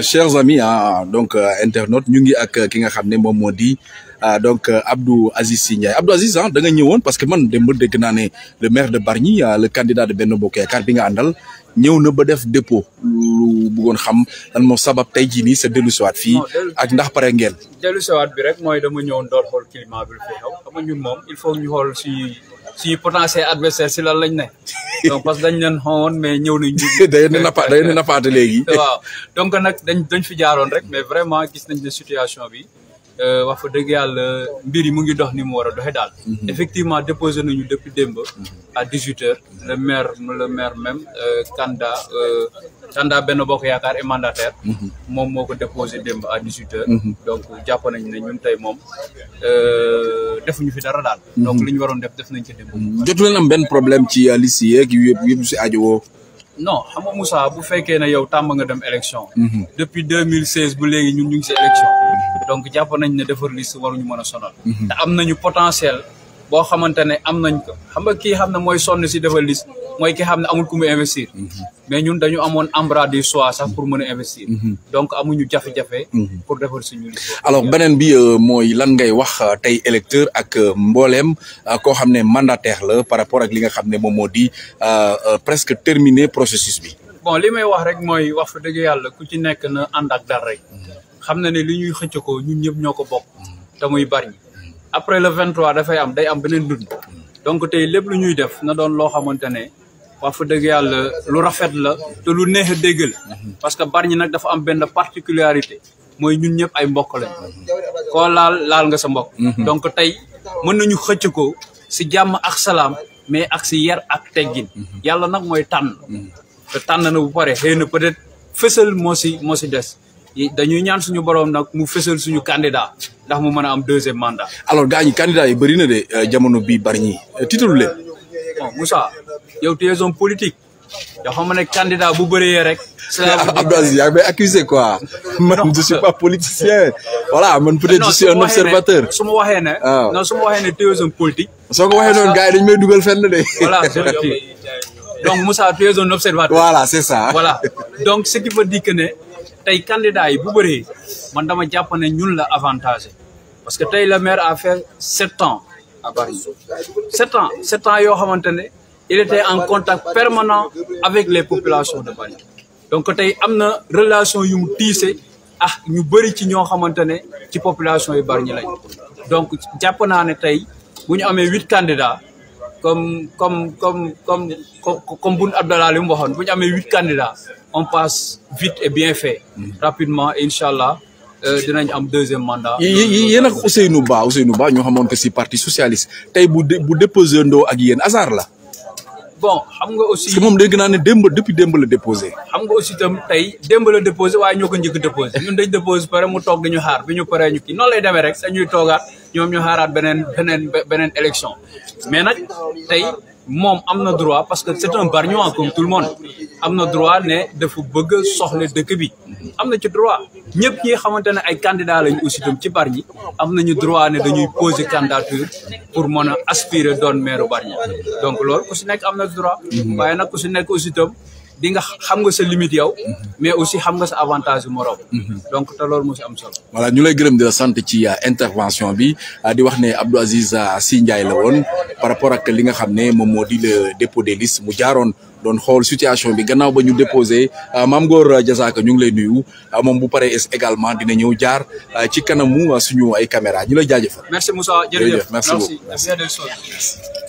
chers amis ah donc euh, internautes ñu ngi ak euh, ki nga xam ne moom moo di ah, donc euh, Abdou Aziz Sy Ndiaye Abdou Aziz ah da nga ñëwoon parce que man démb dégg naa ne le maire de Bargny ah, le candidat de Benno Bokk Yaakaar bi nga àndal ñëw na ba def dépôt lu bëggoon xam lan moo sabab tey jii nii sa dellusiwaat fii ak ndax pare ngeen. dellusiwaat bi rek mooy dama ñëwoon doon xool climat bi lu fay xew il faut ñu xool si suñu potentiel adversaire si lan lañ ne. donc parce que dañ leen xawoon mais ñëw nañ ñu. day na nappa day na nappaate léegi. waaw donc nag dañ dañ fi jaaroon rek mais vraiment gis nañ ne situation bi. Euh, wax fa dëgg yàlla mbir yi mu ngi dox ni mu war a doxee daal. Mhm. effectivement déposé na ñu démb. Mhm. à a h le maire le maire même euh, Kanda euh, Kanda Benno Bokk Yaakaar et mandataire. Mhm. moom moo ko déposé demb à 18 donc jàpp nañu ne ñun tey moom defuñu fi dara daal. donc li ñu waroon def def nañ ci démb. jotu leen am benn problème ci liste yeeg yëpp yëpp si aajowoo. non xam nga Moussa bu fekkee ne yow tàmm nga dem élection. depuis 2016 bu léegi ñun ñu ngi si donc jàpp nañ ne defar liste ñu mën a sono mhm. te am nañu potentiel boo xamante ne am nañ ko xam nga kii xam ne mooy sonn si defar liste mooy ki xam ne amul ku mu investir. Mhm. mais ñun dañu amoon embarras du sax pour mën a investir. Mhm. donc amuñu jafe-jafe. pour defar suñu liste. alors beneen bi euh, mooy lan ngay wax euh, tey électeur ak euh, mbooleem koo xam ne mandataire la par rapport ak li nga xam ne moom moo di presque terminé processus bi. bon li may wax rek mooy wax fa dëgg yàlla ku ci nekk na ànd ak dara rek. xam na ne li ñuy xëccëkoo ñun ñëpp ñoo ko bokk mm. te muy bari mm. après le 23 dafay am day am beneen dund mm. donc tey lépp lu ñuy def na doon loo xamante ne wax fa dëgg yàlla lu rafet la te lu neex a dégg mm-hmm. parce que Bargny nag dafa am benn particularité mooy ñun ñëpp ay mbokk lañ mm-hmm. koo laal laal nga sa mbokk mm-hmm. donc tey mën nañu xëcc ko si jàmm ak salaam mais ak si yer ak teggin yàlla nag mooy tànn te tànn na bu pare xëy na peut-être fësal moo si moo si des dañuy ñaan suñu borom nak mu fessel suñu candidat ndax mu mëna a am deuxième mandat. alors gañ candidat yi bari na de euh, jamono bi bari ñi euh, titre leen. Moussa yow tu es un politique da xama né candidat bu bëré rek. Ah, Abdou Aziz yaa accusé quoi man je suis pas politicien voilà man peut être je suis un observateur. suma waxé né ah. non suma waxé né ne tu es un politique. soko waxé non gaay dañ may duggal fenn dé voilà donc Moussa tu es un observateur. voilà c'est ça. voilà donc ce qui veut dire que né tay candidat yi bu man dama la avantage parce que le maire a fait sept ans à Paris. sept ans sept ans il était en contact permanent avec les populations de Paris. donc tay am une relation yu mu ah ñu ci population donc jàpp naa ne tey huit candidats comme comme comme comme comme Boun Abdallah li mu waxoon bu ñu amee huit candidats on passe vite et bien fait. rapidement incha allah euh, dinañ am deuxième mandat. yéen ak Ousseynou baa Ousseynou Ba ñoo xamoon que si parti socialiste tey bu bu déposé ndoo ak yéen hasard la. bon xam nga aussi parce que je dégg naa ne démb depuis démb la déposé. xam nga aussi tam tey démb la déposé waaye ñoo ko njëkk déposé ñun dañ déposé pare mu toog ñu xaar bi ñu paree ñu kii noonu lay demee rek ñuy ñu élection mais nag moom am na droit parce que c'est un bargnois comme tout le monde am na droit ne dafa bëgg a soxla dëkk bi am na ci droit ñëpp ñi xamante ne ay candidats lañu aussi tam ci Bargny am nañu droit ne dañuy poser candidature pour mën a aspirer doon maire Bargny donc loolu ku si nekk am na droit mhm. waaye na ku si nekk aussi tam di nga xam nga sa limite yow. mais aussi xam nga sa avantage morom. Mhm. donc te loolu moo si am solo. voilà ñu lay gërëm di la sant ci euh, intervention bi euh, di wax ne Abdou Aziz euh, Sy Ndiaye la woon par rapport ak li nga xam ne moom moo di le dépôt des listes mu jaaroon doon xool situation bi gannaaw ba ñu déposé Mame Gor Diazaka ñu ngi lay nuyu a moom bu paree également dina ñëw jaar ci kanamu suñu ay caméra ñu lay jaajëfal. merci Moussa jërëjëf merci beaucoup merci.